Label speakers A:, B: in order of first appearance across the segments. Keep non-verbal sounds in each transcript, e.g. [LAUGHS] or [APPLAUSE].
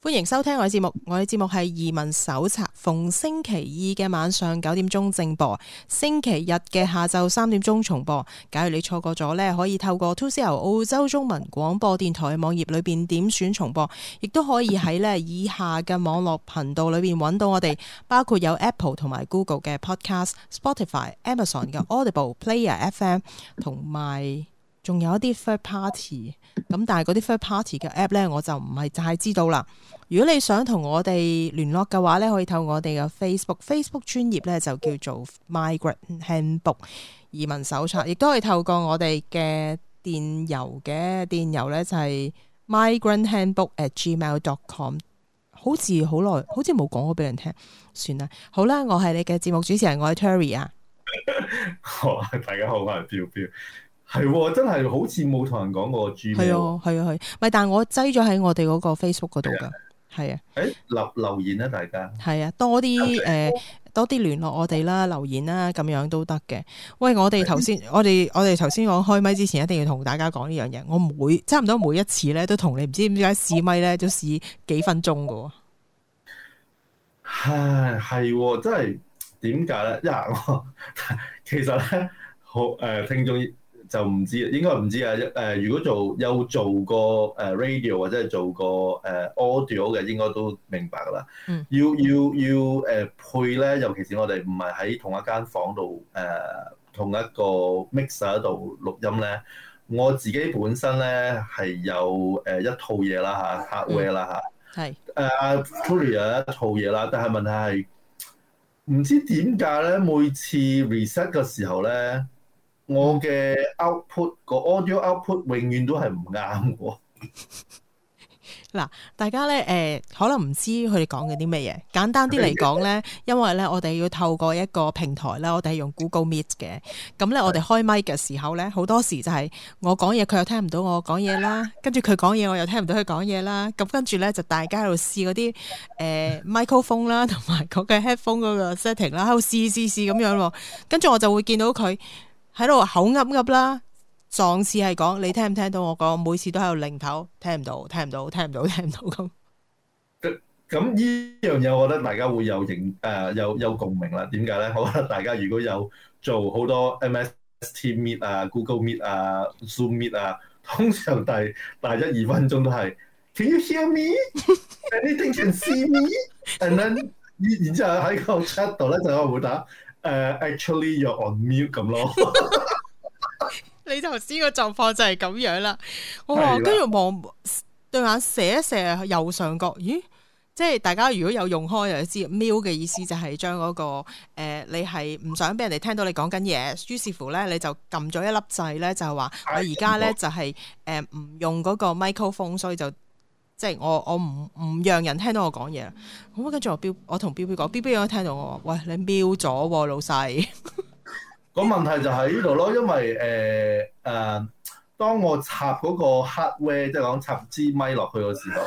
A: 歡迎收聽我嘅節目，我嘅節目係移民手冊。逢星期二嘅晚上九點鐘正播，星期日嘅下晝三點鐘重播。假如你錯過咗呢，可以透過 t o C O 澳洲中文廣播電台網頁裏邊點選重播，亦都可以喺以下嘅網絡頻道裏邊揾到我哋，包括有 Apple 同埋 Google 嘅 Podcast、Spotify、Amazon 嘅 Audible、 [LAUGHS] Player FM 同埋仲有一啲 third party，咁但係嗰啲 third party 嘅 app 呢，我就唔係太知道啦。如果你想同我哋聯絡嘅話呢，可以透過我哋嘅 Facebook，Facebook 專頁呢就叫做 Migrant Handbook 移民手冊，亦都可以透過我哋嘅電郵嘅電郵呢就係 Migrant Handbook at Gmail dot com。好似好耐，好似冇講過俾人聽，算啦。好啦，我係你嘅節目主持人，我係 Terry 啊
B: [LAUGHS] 哦。大家好，我係 Bill Bill。係，真係好似冇同人講過 G 咩？係啊，係
A: 啊，係，咪但係我擠咗喺我哋嗰個 Facebook 嗰度噶，係
B: 啊的。誒的，留留言啦、啊，大家。
A: 係啊，多啲誒 Okay.、呃，多啲聯絡我哋啦，留言啦，咁樣都得嘅。喂，我哋頭先，我哋我哋頭先講開咪之前，一定要同大家講呢樣嘢。我每差唔多每一次咧，都同你唔知點解試咪咧，都試幾分鐘
B: 噶。唉，係，真係點解咧？一，其實咧，好誒、呃，聽眾。就唔知，應該唔知啊。誒，如果做有做過誒 radio 或者係做過誒 audio 嘅，應該都明白㗎啦、嗯。要要要誒配咧，尤其是我哋唔係喺同一間房度誒、呃、同一個 mixer 度錄音咧。我自己本身咧係有誒一套嘢啦嚇 hardware 啦嚇。係誒，阿 Tury 有一套嘢啦，啦，、嗯 uh, 啦，但係問題係唔知點解咧，每次 reset 嘅時候咧。我嘅 output 個 audio output 永遠都係唔啱嘅。
A: 嗱， [LAUGHS] 大家咧，誒，可能唔知佢哋講緊啲咩嘢。簡單啲嚟講咧，因為咧我哋要透過一個平台啦，我哋係用 Google Meet 嘅。咁咧，我哋開麥嘅時候咧，好的多時就係我講嘢，佢又聽唔到我講嘢啦；跟住佢講嘢，我又聽唔到佢講嘢啦。咁跟住咧，就大家喺度試嗰啲誒 microphone 啦，同埋嗰個 headphone 嗰個 setting 啦，喺度試試試咁樣。跟住我就會見到佢。喺度口噏噏啦，壯士係講你聽唔聽到我講，每次都喺度擰頭，聽唔到，聽唔到，聽唔到，聽唔到咁。
B: 咁呢樣嘢，樣我覺得大家會有形誒、呃、有有共鳴啦。點解咧？我覺得大家如果有做好多 MS Team、ST、Meet 啊、Google Meet 啊、Zoom Meet 啊，通常第第一二分鐘都係 Can you hear me? [LAUGHS] Anything can see me? And then [LAUGHS] 然然之後喺個 chat 度咧就可以回答。誒、uh,，actually you're on mute 咁咯，
A: 你頭先個狀況就係咁樣啦。
B: 哇，跟住
A: 望對眼射一射右上角，咦？即係大家如果有用開就知，mute 嘅 [MUSIC] 意思就係將嗰個誒、呃，你係唔想俾人哋聽到你講緊嘢，於是乎咧，你就撳咗一粒掣咧， [MUSIC] 就係話我而家咧就係誒唔用嗰個 microphone，所以就。即係我我唔唔讓人聽到我講嘢，咁啊跟住我標我同 B B 講 B B 有冇聽到我話？喂，你 mute 咗、啊、老細，
B: [LAUGHS] 個問題就喺呢度咯，因為誒誒、呃呃，當我插嗰個 hardware，即係講插支咪落去嘅時候，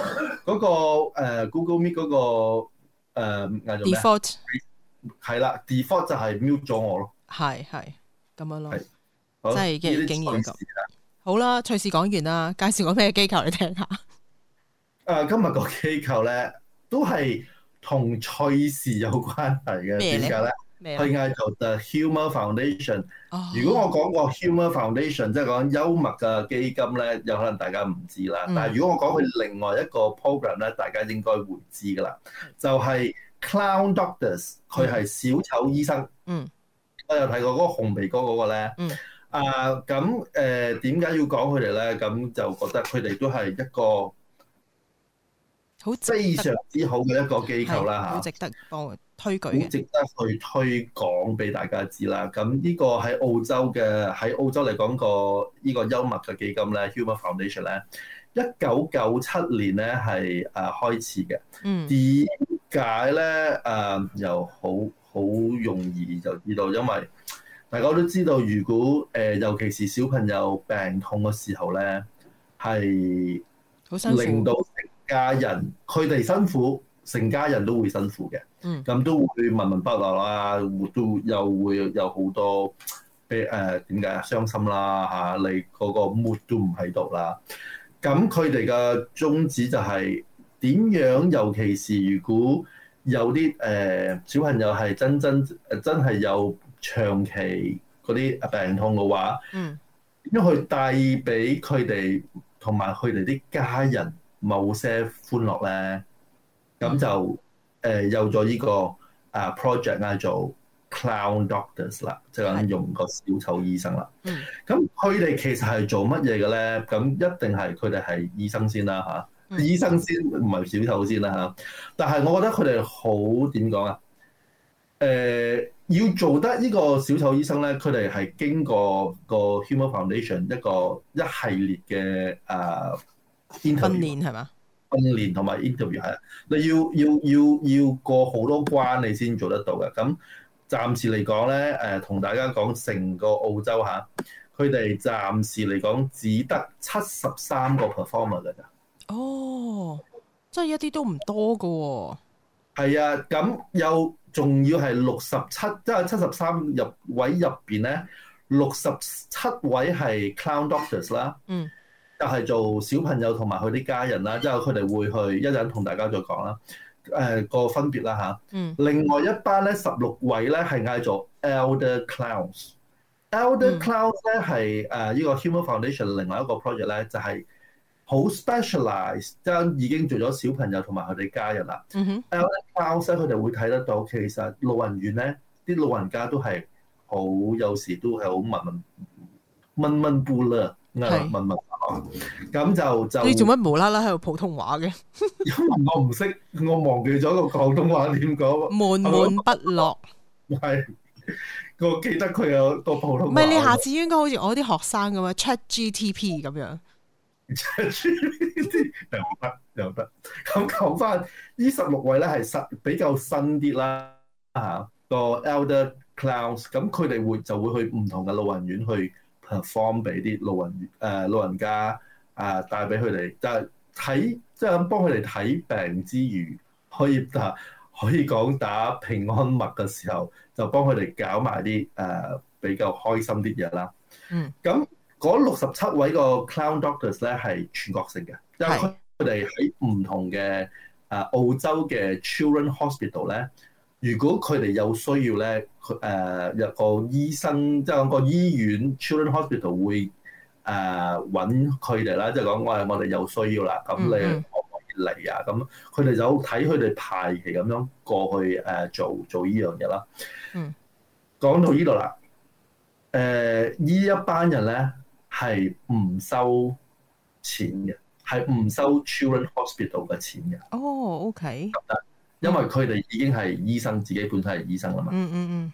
B: 嗰、 [LAUGHS] 那個誒、呃、Google Meet 嗰、那個誒 Default 係啦，Default 就係 mute 咗我咯，
A: 係係咁樣咯，即
B: 係嘅經驗
A: 好啦，隨時講完啦，介紹我咩機構你聽,聽下。
B: 誒，今日個機構咧，都係同趣事有關係嘅，點解咧？咩啊？佢嗌做 The Humour Foundation。Oh. 如果我講過 Humour Foundation，即係講幽默嘅基金咧，有可能大家唔知啦。但係如果我講佢另外一個 program 咧，mm. 大家應該會知噶啦。就係、是、Clown Doctors，佢係小丑醫生。嗯。
C: Mm.
B: 我又睇過嗰個紅鼻哥嗰個咧。嗯。Mm. 啊，咁誒，點、呃、解要講佢哋咧？咁就覺得佢哋都係一個，好非常之好嘅一個機構啦吓，值
A: 得多推舉，好值
B: 得去推廣俾大家知啦。咁呢個喺澳洲嘅喺澳洲嚟講個呢個幽默嘅基金咧 Humour Foundation 咧，一九九七年咧係誒開始嘅。嗯，點解咧誒又好好容易就知道？因為大家都知道，如果誒、呃、尤其是小朋友病痛嘅時候咧，係令到。家人佢哋辛苦，成家人都會辛苦嘅，咁、嗯、都會悶悶不樂啦，活都又會有好多誒點解啊？傷心啦嚇、啊，你嗰個 mood 都唔喺度啦。咁佢哋嘅宗旨就係、是、點樣？尤其是如果有啲誒、呃、小朋友係真真真係有長期嗰啲病痛嘅話，點樣去帶俾佢哋同埋佢哋啲家人？某些歡樂咧，咁就誒有咗呢個啊 project 啊，做 clown doctors 啦，即係用個小丑醫生啦。咁佢哋其實係做乜嘢嘅咧？咁一定係佢哋係醫生先啦嚇，的醫生先唔係小丑先啦，但係我覺得佢哋好點講啊？誒、呃，要做得呢個小丑醫生咧，佢哋係經過個 human foundation 一個一系列嘅啊。呃訓練係嘛？訓練同埋 interview 係啊，你要要要要過好多關，你先做得到嘅。咁暫時嚟講咧，誒、呃，同大家講成個澳洲吓，佢哋暫時嚟講只得七十三個 performer 噶咋？
A: 哦，即係一啲都唔多
B: 噶、哦。係啊，咁又仲要係六十七，即係七十三入位入邊咧，六十七位係 clown doctors 啦。嗯。就係做小朋友同埋佢啲家人啦，之後佢哋會去一陣同大家再講啦。誒、呃、那個分別啦嚇，啊 mm hmm. 另外一班咧，十六位咧係嗌做 Elder Clowns，Elder Clowns 咧係誒依、mm hmm. 個 Humour Foundation 另外一個 project 咧就係、是、好 specialized 即已經做咗小朋友同埋佢哋家人啦。Mm hmm. Elder Clowns 咧，佢哋會睇得到其實老人院咧啲老人家都係好有時都係好悶悶悶悶步啦，啱啦悶咁、嗯、就就你做乜無啦啦喺度普通話嘅？ [LAUGHS] 因為我唔識，我忘記咗個廣東話點講。悶悶不樂係， [LAUGHS] 我記得佢有個普通話。唔係，你下次
A: 應該好似我啲學生咁樣 Chat GTP 咁
B: 樣。 [LAUGHS] Chat GTP 又得又得。咁 [LAUGHS] [LAUGHS] 講翻呢十六位咧係比較新啲啦，啊個 elder c l o u s 咁佢哋會就會去唔同嘅老人院去。啊，放俾啲老人誒老人家啊，帶俾佢哋。就係睇即係咁幫佢哋睇病之餘，可以啊，可以講打平安物嘅時候，就幫佢哋搞埋啲誒比較開心啲嘢啦。嗯，咁嗰六十七位個 clown doctors 咧係全國性嘅，因為佢哋喺唔同嘅啊澳洲嘅 children hospital 咧。如果佢哋有需要咧，佢誒有個醫生，即係講個醫院 Children Hospital 會誒揾佢哋啦，即係講，喂、哎，我哋有需要啦，咁你可唔可以嚟啊？咁佢哋就睇佢哋排期咁樣過去誒做做呢樣嘢啦。嗯、
C: mm，hmm.
B: 講到呢度啦，誒、呃、呢一班人咧係唔收錢嘅，係唔收 Children Hospital 嘅錢嘅。
A: 哦、oh，OK。
B: 因為佢哋已經係醫生，自己本身係醫生啦嘛，嗯嗯嗯，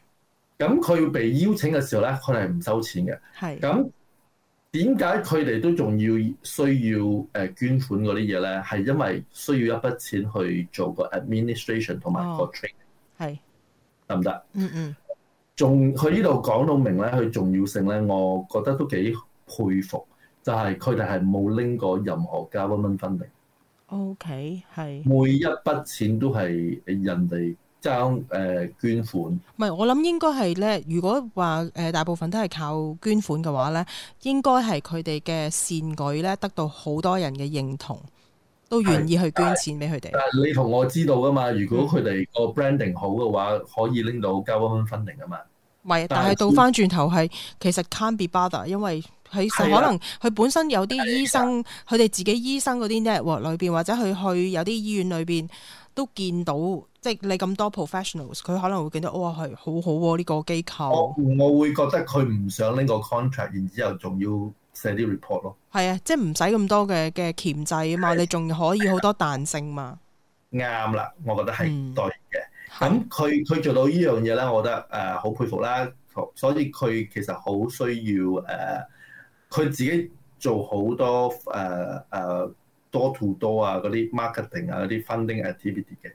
B: 咁、嗯、佢、嗯、要被邀請嘅時候咧，佢哋唔收錢嘅，係是，咁點解佢哋都仲要需要誒捐款嗰啲嘢咧？係因為需要一筆錢去做個 administration 同埋個 training，係得唔得、哦嗯？嗯嗯，仲佢呢度講到明咧佢重要性咧，我覺得都幾佩服，就係佢哋係冇拎過任何 g o v e r
A: OK，係每
B: 一筆錢都係人哋爭誒捐款。
A: 唔係，我諗應該係咧。如果話誒大部分都係靠捐款嘅話咧，應該係佢哋嘅善舉咧得到好多人嘅認同，都願意去捐錢俾佢
B: 哋。但，但你同我知道噶嘛？如果佢哋個 branding 好嘅話，嗯、可以拎到交 funding 啊嘛。
A: 唔係是，但係倒返轉頭係其實 can't be bothered，因為。佢可能佢本身有啲醫生，佢哋的自己醫生嗰啲 network 裏邊，或者佢去有啲醫院裏邊都見到，即係你咁多 professionals，佢可能會見到哇係、哦、好好喎、啊、呢、呢個機構。
B: 我我會覺得佢唔想拎個 contract，然之後仲要寫啲 report 咯。
A: 係啊，即係唔使咁多嘅嘅鉗制啊嘛，的你仲可以好多彈性嘛。
B: 啱啦，我覺得係對嘅。咁佢佢做到呢樣嘢咧，我覺得誒好、呃、佩服啦。所以佢其實好需要誒。呃佢自己做好多誒誒 door to door 啊嗰啲 marketing 啊嗰啲 funding activity 嘅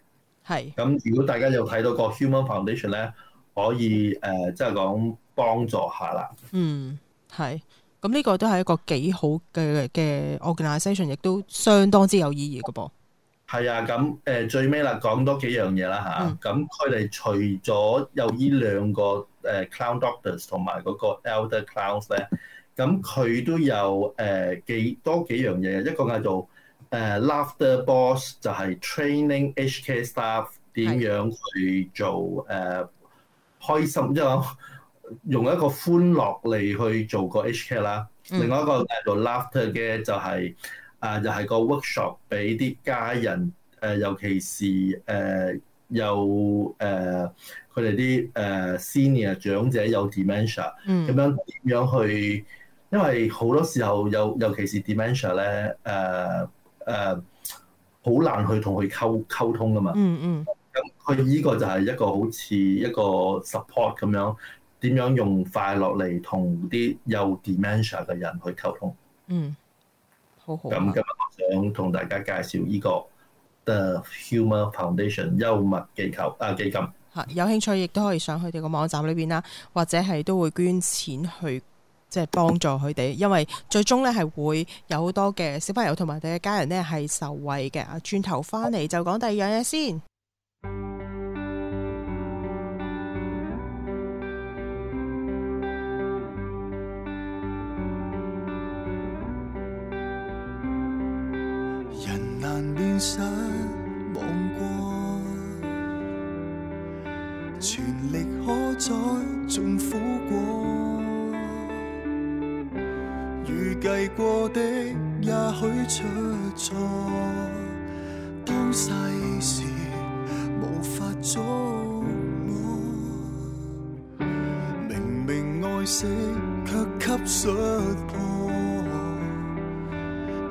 B: 係咁，是如果大家有睇到個 Humour Foundation 咧，可以誒，即係講幫助下啦。嗯，
A: 係咁，呢個都係一個幾好嘅嘅 organisation，亦都相當之有意義嘅噃。
B: 係啊，咁誒、呃、最尾啦，講多幾樣嘢啦吓，咁佢哋除咗有呢兩個誒 clown doctors 同埋嗰個 elder clowns 咧。 [LAUGHS] 咁佢都有誒、呃、幾多幾樣嘢？一個嗌做誒、呃、Laughter Boss，就係 training H K staff 點樣去做誒的、呃、開心，即、就、係、是、用一個歡樂嚟去做個 H K 啦。嗯、另外一個叫做 Laughter 嘅、就是呃，就係啊又係個 workshop 俾啲家人誒、呃，尤其是誒有誒佢哋啲誒 senior 長者有 dementia 咁、嗯、樣點樣去？因為好多時候，尤尤其是 dementia 咧、呃，誒、呃、誒，好難去同佢溝溝通㗎嘛。嗯嗯。咁佢呢個就係一個好似一個 support 咁樣，點樣用快樂嚟同啲有 dementia 嘅人去溝通。
A: 嗯，好好、啊。
B: 咁今日我想同大家介紹呢個 The Humour Foundation 幽默機構啊基金。
A: 嚇，有興趣亦都可以上佢哋個網站裏邊啦，或者係都會捐錢去。即係幫助佢哋，因為最終咧係會有好多嘅小朋友同埋佢嘅家人呢係受惠嘅。轉頭翻嚟就講第二樣嘢先。
D: 人難免失望過，全力可再重複過。計過的也許出錯，當世事無法捉摸，明明愛惜却給摔破，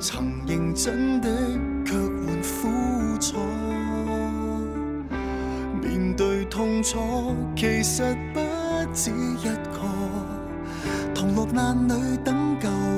D: 曾認真的却換苦楚，面對痛楚其實不止一個，同落難裏等救。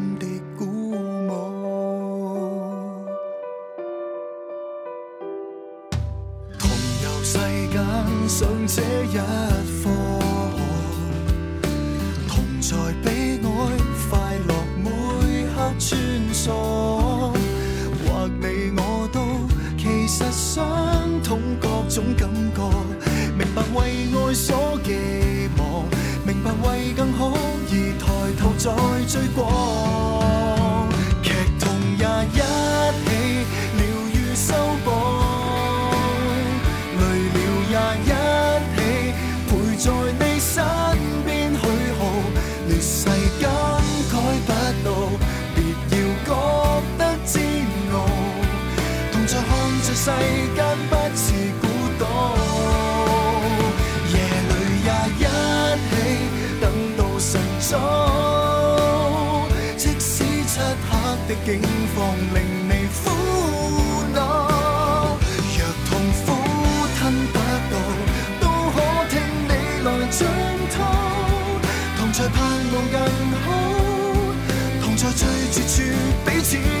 D: 跟上這一課，同在悲哀快樂每刻穿梭，或你我都其實相通各種感覺，明白為愛所寄望，明白為更好而抬頭再追過。境況令你苦惱，若痛苦吞不到，都可聽你來暢吐。同在盼望更好，同在最絕處彼此。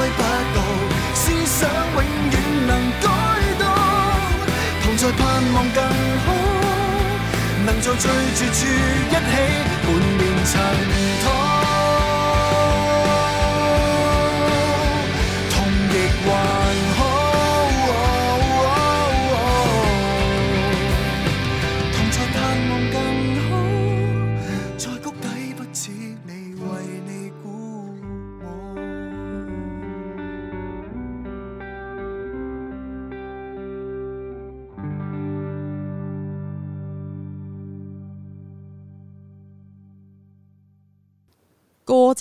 D: 更好，能在最絕處一起，滿面塵土。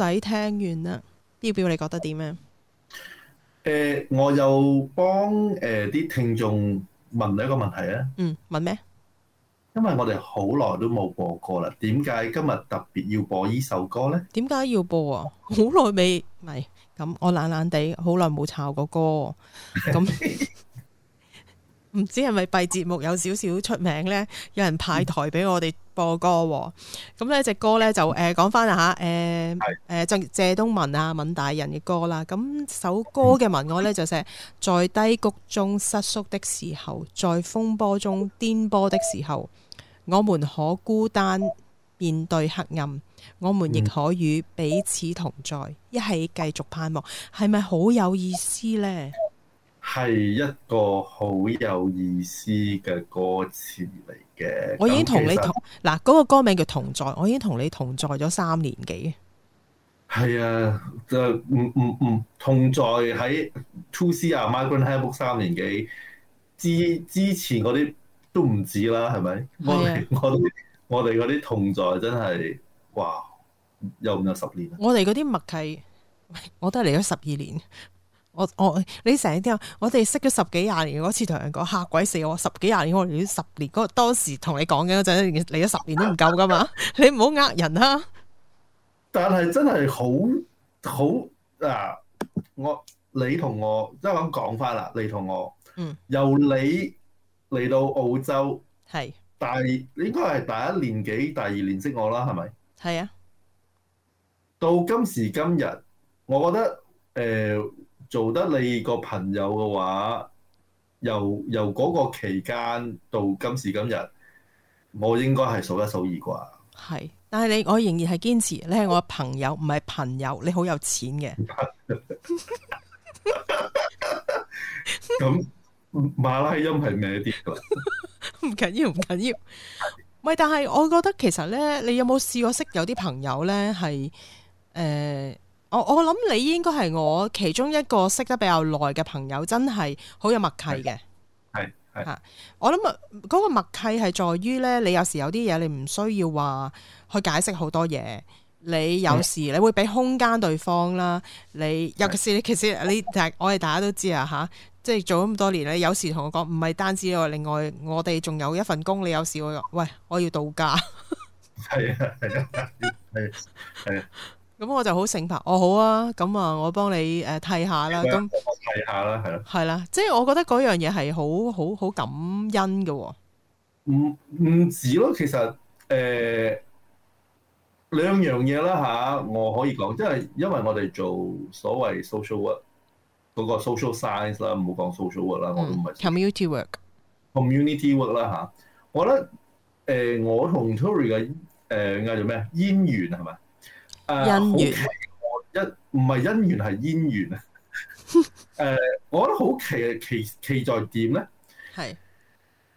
A: 仔聽完啦，Bill Bill 你覺得點啊？
B: 誒、呃，我又幫誒啲聽眾問你一個問題咧。嗯，問咩？因為我哋好耐都冇播過啦，點解今日特別要播呢首歌呢？
A: 點解要播啊？好耐未，唔係咁，我懶懶地好耐冇抄過歌，咁唔 [LAUGHS] 知係咪閉節目有少少出名呢？有人派台俾我哋。嗯個歌咁呢隻歌呢，就誒講翻啊吓誒誒鄭謝東閔啊閔大人嘅歌啦，咁首歌嘅文案呢就寫，就寫、嗯、在低谷中失縮的時候，在風波中顛簸的時候，我們可孤單面對黑暗，我們亦可與彼此同在，一起繼續盼望。係咪好有意思呢？
B: 係一個好有意思嘅歌詞嚟嘅。我已經同你同
A: 嗱嗰實、嗰個歌名叫同在，我已經同你同在咗三年幾。
B: 係啊，就唔唔唔同在喺 Two C 啊 m i g h a b u 三年幾之之前嗰啲都唔止啦，係咪，啊？我我哋嗰啲同在真係哇，有唔有十年？
A: 我哋嗰啲默契，我都係嚟咗十二年。我我你成日聽我哋識咗十幾廿年嗰次同人講吓鬼死我十幾廿年，我已經十年嗰當時同你講嘅嗰陣嚟咗十年都唔夠噶嘛、啊、你唔好呃人啦、啊！
B: 但係真係好好啊！我你同我即係咁講翻啦，你同我，我，你我嗯由你嚟到澳洲係，但係你應該係第一年幾第二年識我啦，係咪？係啊！到今時今日，我覺得誒。呃做得你個朋友嘅話，由由嗰個期間到今時今日，我應該係數一數二啩。
A: 係，但係你我仍然係堅持，你係我嘅朋友，唔係 [LAUGHS] 朋友，你好
B: 有錢嘅。咁 [LAUGHS] [LAUGHS] [LAUGHS] 馬拉音係咩啲？
A: 唔 [LAUGHS] [LAUGHS] 緊要，唔緊要。唔係，但係我覺得其實咧，你有冇試過識有啲朋友咧係誒？我我諗你應該係我其中一個識得比較耐嘅朋友，真係好有默契嘅。係係
C: 吓，
A: 我諗嗰個默契係在於咧，你有時有啲嘢，你唔需要話去解釋好多嘢，你有時你會俾空間對方啦。的你尤其是你其實你我哋大家都知啊。吓，即係做咗咁多年咧，有時同我講唔係單止我，另外我哋仲有一份工，你有時會話，喂，我要度假。係啊
C: 係啊係係。是的是的是的
A: 咁我就好醒白，我、哦、好啊，咁啊，呃嗯、那我幫你誒替下啦，咁
B: 睇下啦，係啦，
A: 係啦，即係我覺得嗰樣嘢係好好好感恩噶、哦，唔
B: 唔止咯，其實誒兩、呃、樣嘢啦吓，我可以講，即係因為我哋做所謂 social work，嗰個 social science 啦、啊，唔好講 social work 啦，我都唔係 community work，community work 啦吓、啊，我覺得誒、呃、我同 Tury 嘅誒嗌做咩姻緣係咪？姻緣，一唔係姻緣係姻緣啊！誒、 [LAUGHS] 啊，我覺得好奇奇奇在點咧？係是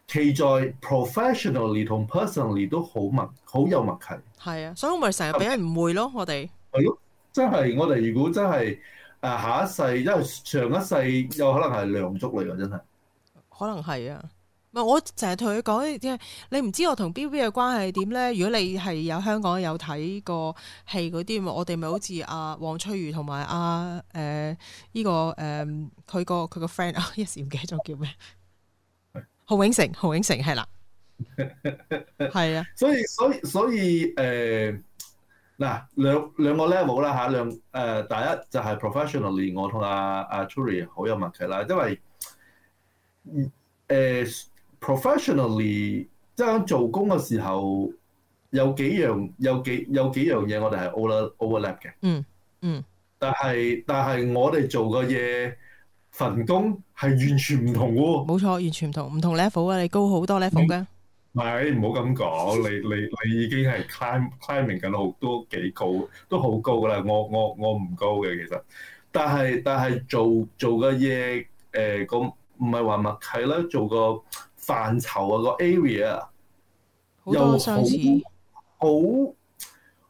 B: 奇在 professionally 同 personally 都好密，好有默契。
A: 係啊，所以我咪成日俾人誤會咯，我哋。
B: 係咯、啊，真係我哋如果真係誒下一世，因為上一世有可能係梁祝嚟㗎，真係。
A: 可能係啊。唔係，我成日同佢講，因為你唔知我同 B B 嘅關係點咧。如果你係有香港有睇、啊啊呃這個戲嗰啲，我哋咪好似阿黃翠如同埋阿誒依個誒佢個佢個 friend 啊，一時唔記得咗叫咩？洪的永城，洪永城係啦，
B: 係啊 [LAUGHS] 的。所以所以所以誒嗱，兩兩個 level 啦嚇，兩誒第一就係、是、professionally 我同阿、啊、阿、啊、Tury 好有問題啦，因為嗯、呃 professionally 即係做工嘅時候，有幾樣有幾有幾樣嘢我哋係 overlap 嘅。嗯
C: 嗯，
B: 但係但係我哋做嘅嘢份工係完全唔同嘅。
A: 冇錯，完全唔同，唔同 level 啊！你高好多 level 嘅。
B: 唔係，唔好咁講，你你你已經係 climbing 緊都幾高，都好高啦。我我我唔高嘅其實，但係但係做做嘅嘢誒，咁唔係話默契啦，做個。範疇啊個 area 又好好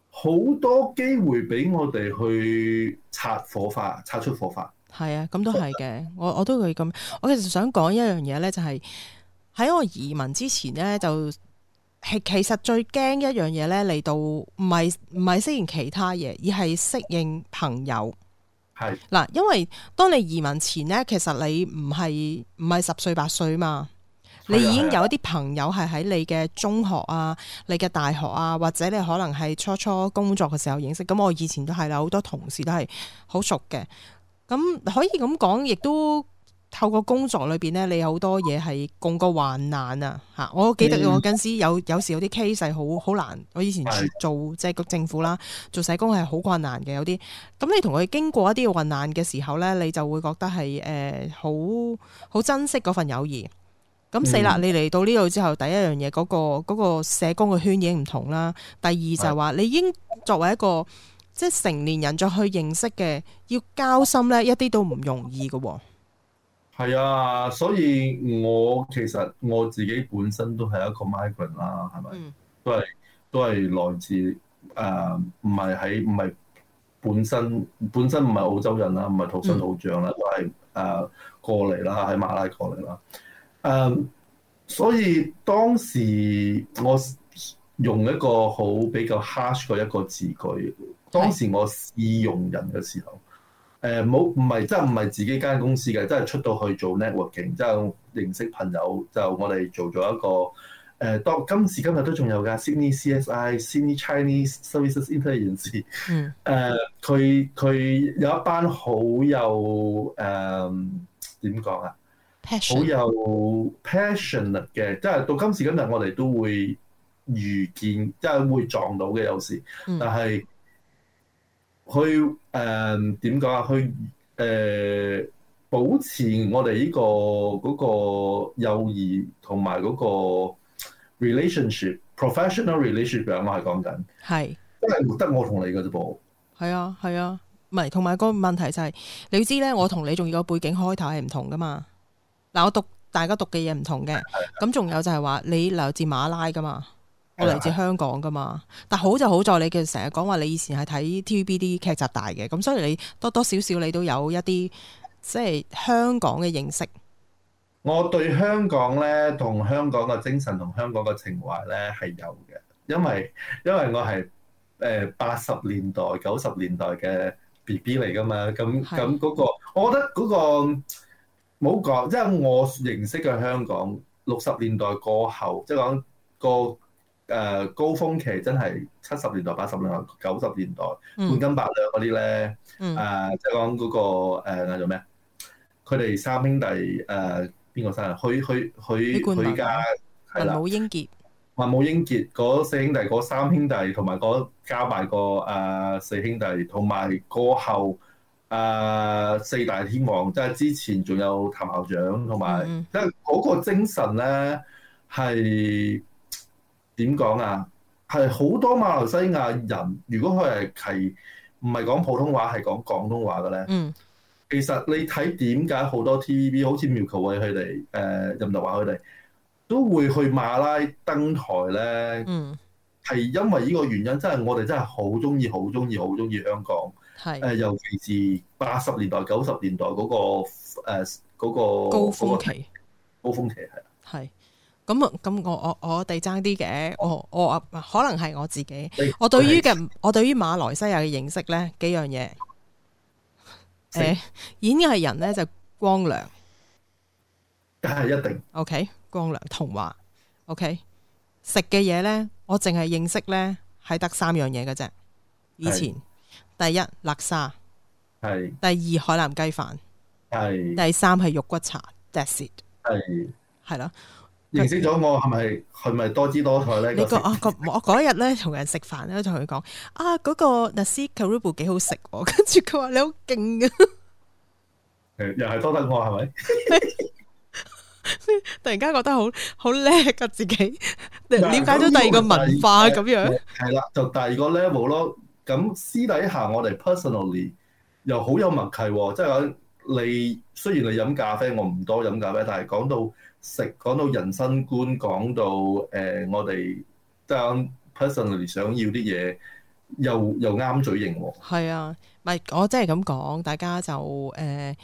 B: 好多機會俾我哋去擦火花，擦出火花
A: 係啊，咁都係嘅。 [LAUGHS] 我我都會咁。我其實想講一樣嘢呢，就係喺我移民之前呢，就係其實最驚一樣嘢呢，嚟到唔係唔係適應其他嘢，而係適應朋友係嗱。是因為當你移民前呢，其實你唔係唔係十歲八歲嘛。你已經有一啲朋友係喺你嘅中學啊，你嘅大學啊，或者你可能係初初工作嘅時候認識。咁我以前都係啦，好多同事都係好熟嘅。咁可以咁講，亦都透過工作裏邊咧，你好多嘢係共過患難啊。嚇，我記得我嗰陣時有有時有啲 case 好好難。我以前做即係個政府啦，做社工係好困難嘅。有啲咁你同佢經過一啲患難嘅時候咧，你就會覺得係誒好好珍惜嗰份友誼。咁四啦，你嚟到呢度之後，第一樣嘢嗰個嗰個社工嘅圈已經唔同啦。第二就係話，的你已經作為一個即係成年人再去認識嘅，要交心咧，一啲都唔容易嘅。
B: 係啊，所以我其實我自己本身都係一個 migrant 啦，係咪？嗯、都係都係來自誒，唔係喺唔係本身本身唔係澳洲人啦，唔係土生土長啦，嗯、都係誒、呃、過嚟啦，喺馬拉過嚟啦。誒，um, 所以當時我用一個好比較 harsh 嘅一個字句，當時我試用人嘅時候，誒冇唔係即係唔係自己間公司嘅，即係出到去做 networking，即係認識朋友，就我哋做咗一個誒，當、呃、今時今日都仲有㗎 Sydney CSI Sydney Chinese Services International 嗯，誒佢佢有一班好有誒點講啊？呃好 Passion? 有 passionate 嘅，即係到今時今日，我哋都會遇見，即係會撞到嘅。有時，嗯、但係去誒點講啊？去誒、呃、保持我哋呢、這個嗰、那個友誼同埋嗰個 relationship，professional relationship，我係講緊係，因為得我同你噶啫。噃，
A: 係啊，係啊，唔係同埋個問題就係、是、你知咧，我同你仲要個背景開頭係唔同噶嘛。嗱，我讀大家讀嘅嘢唔同嘅，咁仲是的 有就係話你嚟自馬拉噶嘛，是的 我嚟自香港噶嘛，是的 但好就好在你嘅成日講話你以前係睇 TVB 啲劇集大嘅，咁所以你多多少少你都有一啲即係香港嘅認識。
B: 我對香港咧，同香港嘅精神同香港嘅情懷咧係有嘅，因為因為我係誒八十年代九十年代嘅 BB 嚟噶嘛，咁咁嗰個，的我覺得嗰個。冇講，因為我認識嘅香港六十年代過後，即係講個誒高峰期，真係七十年代、八十年代、九十年代、嗯、半斤八兩嗰啲咧。誒、嗯，即係講嗰個誒嗌做咩啊？佢、呃、哋三兄弟誒邊個三人？許許許許冠文係啦，武文武英傑，文武英傑嗰四兄弟，嗰三兄弟同埋嗰加埋、個誒、呃、四兄弟，同埋過後。誒、uh, 四大天王，即係之前仲有譚校長同埋，即係嗰個精神咧，係點講啊？係好多馬來西亞人，如果佢係係唔係講普通話，係講廣東話嘅咧，mm. 其實你睇點解好多 TVB 好似苗僑偉佢哋誒任達華佢哋都會去馬拉登台咧？係、mm. 因為呢個原因，真係我哋真係好中意、好中意、好中意香港。係是、呃、尤其是八十年代、九十年代嗰，那個誒、呃那個高峰期，高峰期
A: 係咁咁我我我哋爭啲嘅，我我，我，一我，我可能係我自己，是我對於嘅是我對於馬來西亞嘅認識呢，幾樣嘢誒是、呃，演藝人呢，就光，一 okay，光良，梗係一定 OK。光良童話 OK，食嘅嘢呢，我淨係認識呢，係得三樣嘢嘅啫，以前。第一，叻沙；係第二，海南雞飯；係第三，係肉骨茶、扎舌；
B: 係係咯。認識咗我係咪係咪多姿多彩咧？你個啊
A: 個我嗰日咧同人食飯咧，同佢講啊嗰個 Nasi Kerabu 幾好食，跟住佢話你好勁啊！
B: 又係多得我係咪？
A: 突然間覺得好好叻㗎自己，了解咗第二個文化咁
B: 樣。係啦，就第二個 level 咯。咁私底下我哋 personally 又好有默契喎、哦，即係講你雖然你飲咖啡，我唔多飲咖啡，但係講到食，講到人生觀，講到、呃、我哋即係 personally 想要啲嘢，又又啱嘴型喎、
A: 哦。係啊，咪我真係咁講，大家就誒。呃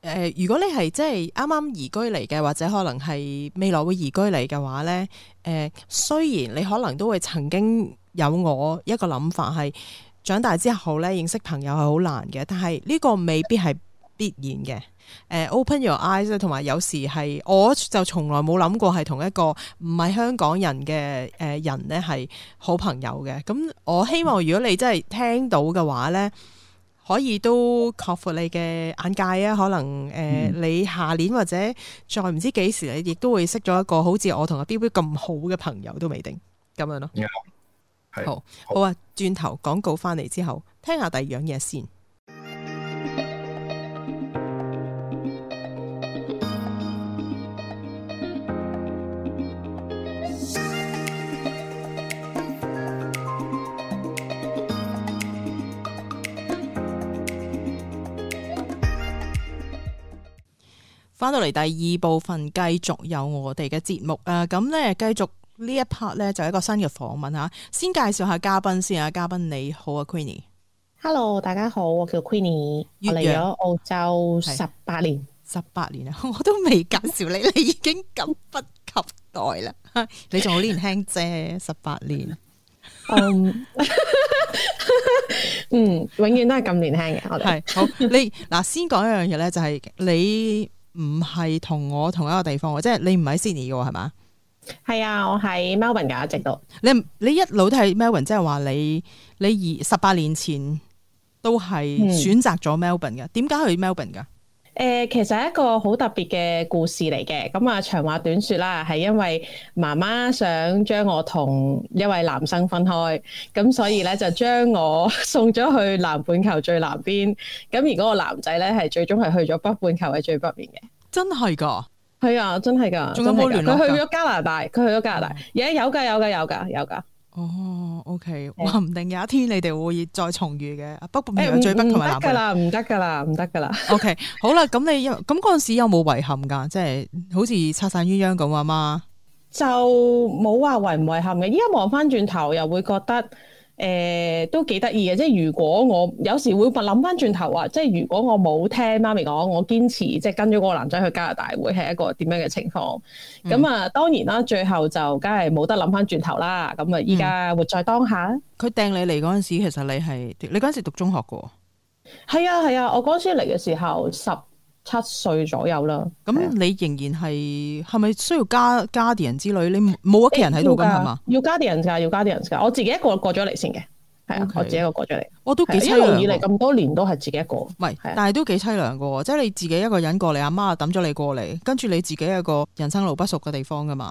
A: 呃、如果你係即係啱啱移居嚟嘅，或者可能係未來會移居嚟嘅話呢，誒、呃，雖然你可能都會曾經有我一個諗法係長大之後咧認識朋友係好難嘅，但係呢個未必係必然嘅。呃、Open your eyes，同埋有，有時係我就從來冇諗過係同一個唔係香港人嘅、呃、人咧係好朋友嘅。咁我希望如果你真係聽到嘅話呢。可以都擴闊你嘅眼界啊！可能誒，呃嗯、你下年或者再唔知幾時，你亦都會識咗一個像我和那麼好似我同阿 Bill Bill 咁好嘅朋友都未定，咁樣咯。
C: 嗯、
A: 好，好，好啊！轉頭廣告翻嚟之後，聽下第二樣嘢先。翻到嚟第二部分，繼續有我哋嘅節目啊！咁、嗯、咧，繼續一呢一 part 咧，就係一個新嘅訪問吓。先介紹下嘉賓先啊！嘉賓你好啊，Queenie。
E: Queen Hello，大家好，我叫 Queenie，仰我嚟咗澳洲十八年，十八年啊，我都未
A: 介紹你， [LAUGHS] 你已經急不及待啦！你仲好年輕啫，十八年。嗯， [LAUGHS] um, [LAUGHS] 嗯，永遠都係咁年輕嘅。我哋係好，你嗱，先講一樣嘢咧，就係、是、你。唔係同我同一個地方，即係你唔喺 Sydney 嘅係嘛？係啊，我喺 Melbourne 一直都。你一直喺 Melbourne，即係話你一路都係 Melbourne，即係話你你二十八年前都係選擇咗 Melbourne 嘅，點解、嗯、去 Melbourne 噶？.誒，其實係一個好特別嘅故事
E: 嚟嘅，咁啊長話短說啦，係因為媽媽想將我同一位男生分開，咁所以咧就將我送咗去南半球最南邊，咁而嗰個男仔咧係最終係去咗北半球嘅最北面嘅，真係噶，係啊，真係噶，仲有冇聯絡？佢去咗加拿大，佢去咗加拿大，嘢、嗯 yeah, 有噶，有噶，有噶，有噶。
A: 哦、oh，OK，話唔 Yeah. 定有一天你哋會再重遇嘅。北朋友最北同埋南唔得噶啦，唔得噶啦，唔得噶啦。 [LAUGHS] OK，好啦，咁你有，咁嗰陣時有冇遺憾噶？即、就、係、是、好似拆散鴛鴦咁啊嘛？嘛就冇話遺唔遺憾嘅，依家望翻
E: 轉頭又會覺得。誒、呃、都幾得意嘅，即係如果我有時會問諗翻轉頭話，即係如果我冇聽媽咪講，我堅持即係跟咗嗰個男仔去加拿大會係一個點樣嘅情況？咁、嗯、啊當然啦，最後就梗係冇得諗翻轉頭啦。咁啊依
A: 家活在當下。佢掟、嗯、你嚟嗰陣時候，其實你係你嗰陣時讀中學㗎。係啊係啊，我嗰陣時嚟嘅時候十七歲左右啦，咁、嗯啊、你仍然係係咪需要加 guardian 之類？你冇屋企人喺度噶係嘛？要 guardian 噶，要
E: guardian 噶。我自己一個過咗嚟先嘅，係 Okay.
A: 啊，我自己一個過咗嚟。我、哦、都幾淒涼，啊、以嚟咁多年都係自己一個，唔係、嗯、啊、但係都幾淒涼噶，即、就、係、是、你自己一個人過嚟，阿媽揼咗你過嚟，跟住你自己一個人生路不熟嘅地方噶嘛。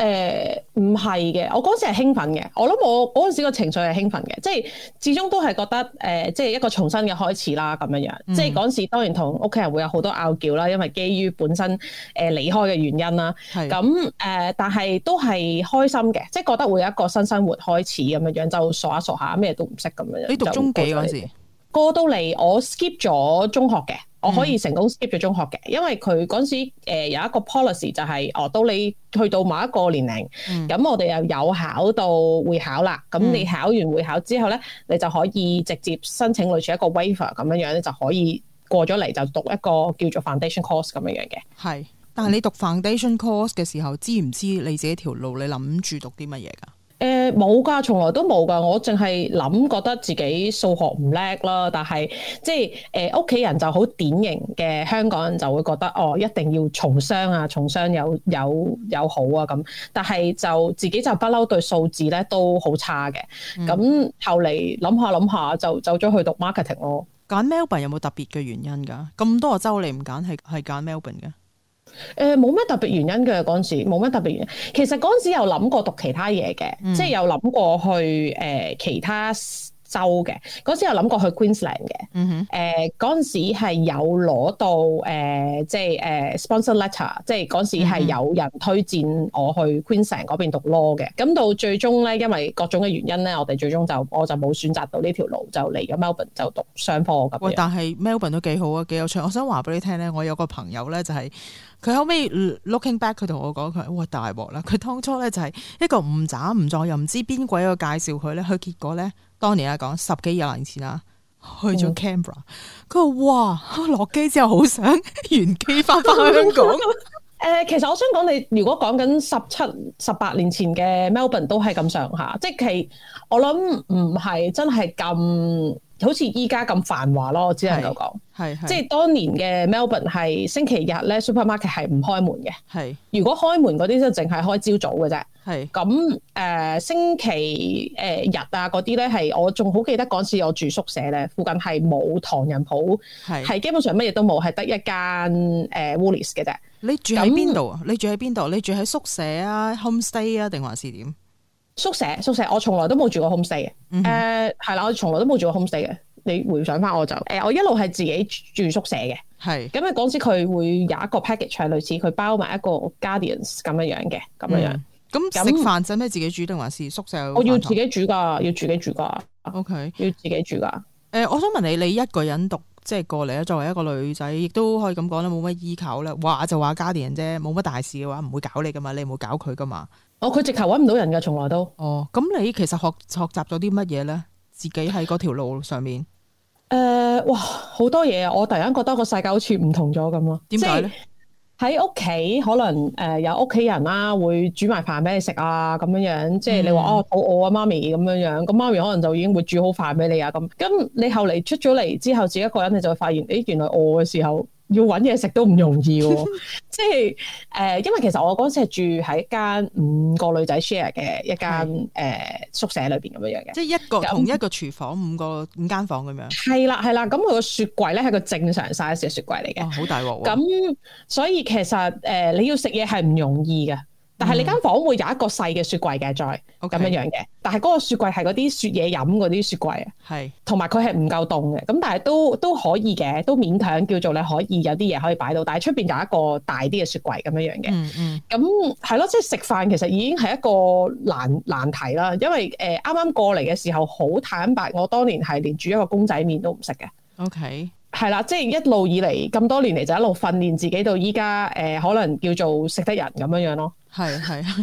E: 誒唔係嘅，我嗰陣時係興奮嘅，我諗我嗰陣時個情緒係興奮嘅，即係始終都係覺得誒、呃，即係一個重新嘅開始啦咁樣樣。嗯、即係嗰時當然同屋企人會有好多拗撬啦，因為基於本身誒、呃、離開嘅原因啦。咁誒是的、呃，但係都係開心嘅，即係覺得會有一個新生活開始咁樣樣，就傻下傻下，咩都唔識咁樣。你讀中幾嗰陣時過到嚟？我 skip 咗中學嘅。我可以成功 skip 咗中學嘅，嗯、因為佢嗰陣時、呃、有一個 policy 就係、是，哦到你去到某一個年齡，咁、嗯、我哋又有考到會考啦。咁、嗯、你考完會考之後咧，你就可以直接申請類似一個 waiver 咁樣樣咧，就可以過咗嚟就讀一個叫做 foundation course 咁樣樣嘅。但係你
A: 讀 foundation course 嘅時候，知唔知你自己條路你諗住讀啲乜嘢㗎？誒
E: 冇㗎，從來都冇㗎。我淨係諗覺得自己數學唔叻啦，但係即係誒屋企人就好典型嘅香港人就會覺得哦，一定要從商啊，從商有有有好啊咁。但係就自己就不嬲對數字咧都
A: 好差嘅。咁、嗯、後嚟諗下諗下就走咗去讀 marketing 咯。揀 Melbourne 有冇特別嘅原因㗎？咁多個州你唔揀係係揀 Melbourne 嘅？誒
E: 冇咩特別原因嘅，嗰陣時，冇咩特別原因。其實嗰陣時有諗過讀其他嘢嘅，嗯、即係有諗過去、呃、其他州嘅嗰時有諗過去 Queensland 嘅，誒嗰、嗯哼呃、時係有攞到誒、呃，即係誒、呃、sponsor letter，即係嗰陣時係有人推薦我去 Queensland 嗰邊讀 law 嘅。咁、嗯、哼到最終咧，因為各種嘅原因咧，我哋最終就我就冇選擇到呢條路，就嚟咗 Melbourne 就讀商科咁。喂，但係
A: Melbourne 都幾好啊，幾有趣。我想話俾你聽咧，我有個朋友咧、就係，就係佢後尾 looking back，佢同我講佢哇大鑊啦。佢當初咧就係一個唔眨唔再又唔知邊鬼嘅介紹佢咧，佢結果咧。當年啊，講十幾廿年前啦，
D: 去咗
A: Canberra，佢話哇、嗯，落機之後好想原機翻翻香港。
E: 誒、 [LAUGHS] 呃，其實我想講你，如果講緊十七、十八年前嘅 Melbourne 都係咁上下，即係我諗唔係真係咁，好似依家咁繁華咯。我只能夠講，係係。即係當年嘅 Melbourne 係星期日咧，supermarket 係唔開門嘅，係是如果開門嗰啲就淨係開朝早嘅啫。係咁誒，星期，呃、日啊嗰啲咧，係我仲好記得嗰次我住宿舍咧，附近係冇唐人鋪，係是基
A: 本上乜嘢都冇，係得一間誒 Woolies 嘅啫。你住喺邊度啊？你住喺邊度？你住喺宿舍啊？Homestay 啊？定還是點？宿舍宿舍，嗯哼呃，我從來都冇住過 Homestay 嘅。係啦，我從來都冇住過 Homestay 嘅。你回想翻我就，呃、
E: 我一路係自己住宿舍嘅。係咁啊，嗰次佢會有一個 package 係類似佢包埋一個 guardians 咁樣嘅，咁咁食飯使咩自己煮定還是宿舍？我要自己煮噶，要自己煮噶。OK，要自己煮噶。
A: 誒、呃，我想問你，你一個人讀即係、就是、過嚟咧，作為一個女仔，亦都可以咁講啦，冇乜依靠啦。話就話家啲人啫，冇乜大事嘅話，唔會搞你噶嘛，你唔會搞佢噶嘛。哦，佢直頭搵唔到人噶，從來都。哦，咁你其實學學習咗啲乜嘢咧？自己喺嗰條路上面。誒、呃，哇，
E: 好多嘢啊！我突然間覺得個世界好似唔同咗咁咯。點解咧？
A: 喺屋企
E: 可能誒、呃、有屋企人啦、啊，會煮埋飯俾你食啊，咁樣樣，即係你話哦、嗯啊、肚餓啊媽咪，咁樣樣，咁媽咪可能就已經會煮好飯俾你啊咁。咁你後嚟出咗嚟之後自己一個人，你就會發現，咦，原來餓嘅時候，要揾嘢食都唔容易喎， [LAUGHS] 即係誒、呃，因為其實我嗰陣時係住喺一間五個女仔 share 嘅一間誒的、呃、宿舍裏邊咁樣樣嘅，即係一個同一
A: 個廚房那五個五間房咁樣。
E: 係啦係啦，咁佢個雪櫃咧係個正常 size 嘅雪櫃嚟嘅，好大鑊喎。咁所以其實誒、呃，你要食嘢係唔容易嘅。但係你間房會有一個細嘅雪櫃嘅，再咁樣嘅。Okay. 但係嗰個雪櫃係嗰啲雪嘢飲嗰啲雪櫃啊，係，同埋佢係唔夠凍嘅。咁但係都都可以嘅，都勉強叫做你可以有啲嘢可以擺到。但係出面有一個大啲嘅雪櫃咁樣嘅。嗯嗯，咁係咯，即係食飯其實已經係一個難難題啦。因為呃、啱啱過嚟嘅時候好坦白，我當年係連煮一個公仔麵都唔識嘅。OK。係啦，即係、就是、一路以嚟咁多年嚟就一路訓練自己到依家，誒、呃，可能叫做
A: 食得人咁樣樣咯。係係啊，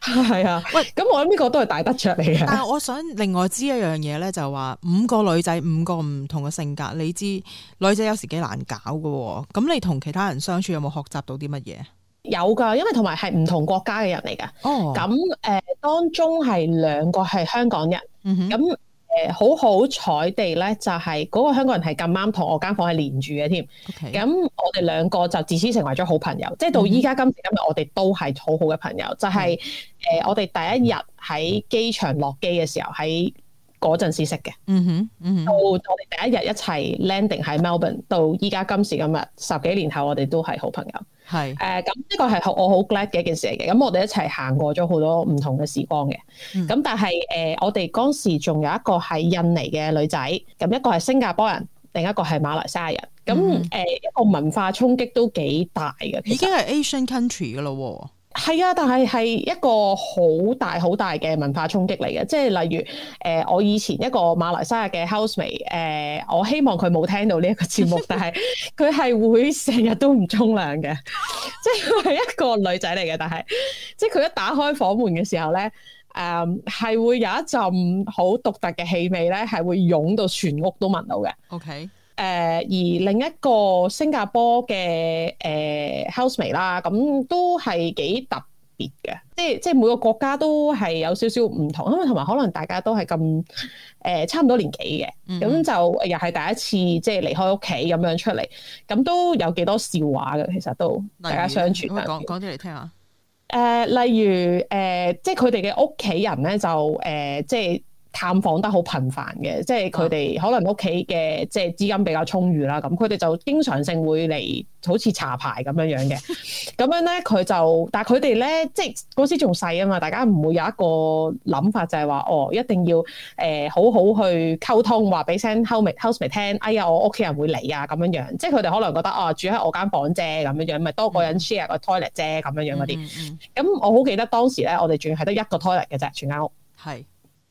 E: 係啊 [LAUGHS] 的。喂，咁我諗呢個都係大得着嚟嘅。但係
A: 我想另外知一樣嘢咧，就話、是、五個女仔，五個唔同嘅性格。你知女仔有時幾難搞噶，咁你同其他人相處有冇學習到啲乜嘢？
E: 有噶，因為同埋係唔同國家嘅人嚟噶。哦。咁誒、呃，當中係兩個係香港人。咁、嗯哼。好好彩地咧，就係嗰個香港人係咁啱同我間房係連住嘅，添。咁我哋兩個就自此成為咗好朋友，即、係、到依家、嗯、今時今日，我哋都係好好嘅朋友。就係、係嗯呃、我哋第一日喺機場落機嘅時候喺。嗰陣時識嘅，嗯哼嗯、哼到我哋第一日一齊 landing 喺 Melbourne，到依家今時今日十幾年後，我哋都係好朋友。係是，誒咁呢個係我好 glad 嘅一件事嚟嘅。咁、嗯、我哋一齊行過咗好多唔同嘅時光嘅。咁、嗯、但係誒、呃，我哋當時仲有一個係印尼嘅女仔，咁、嗯、一個係新加坡人，另一個係馬來西亞人。咁、嗯、誒、嗯呃、一個文化衝擊都幾大嘅，已經係 Asian
A: country 噶啦喎。
E: 係啊，但係係一個好大好大嘅文化衝擊嚟嘅，即係例如誒、呃，我以前一個馬來西亞嘅 housemate 誒，我希望佢冇聽到呢一個節目， [LAUGHS] 但係佢係會成日都唔沖涼嘅， [LAUGHS] 即係佢係一個女仔嚟嘅，但係即係佢一打開房門嘅時候咧，誒、嗯，係會有一陣好獨特嘅氣味咧，係會湧到全屋都聞到嘅。OK。呃、而另一個新加坡嘅 Housemate 啦，咁都係幾特別嘅，即係即係每個國家都係有少少唔同，因為同埋可能大家都係咁、呃、差唔多年紀嘅，咁、嗯嗯、就又係第一次即係離開屋企咁樣出嚟，咁都有幾多笑話嘅，其實都大家相處，講講如別出嚟聽下。誒、呃，例如誒、呃，即係佢哋嘅屋企人咧，就誒、呃、即係。探訪得好頻繁嘅，即係佢哋可能屋企嘅即係資金比較充裕啦，咁佢哋就經常性會嚟好似查牌咁樣 [LAUGHS] 樣嘅。咁樣咧，佢就但係佢哋咧，即係嗰時仲細啊嘛，大家唔會有一個諗法就係、是、話哦，一定要誒、呃、好好去溝通，話俾聲 housemate housemate 聽，哎呀，我屋企人會嚟啊咁樣樣。即係佢哋可能覺得啊、哦，住喺我間房啫，咁樣樣咪多個人 share 個 toilet 啫，咁樣嗯嗯嗯樣嗰啲。咁我好記得當時咧，我哋仲要係得一個 toilet 嘅啫，全間屋。係。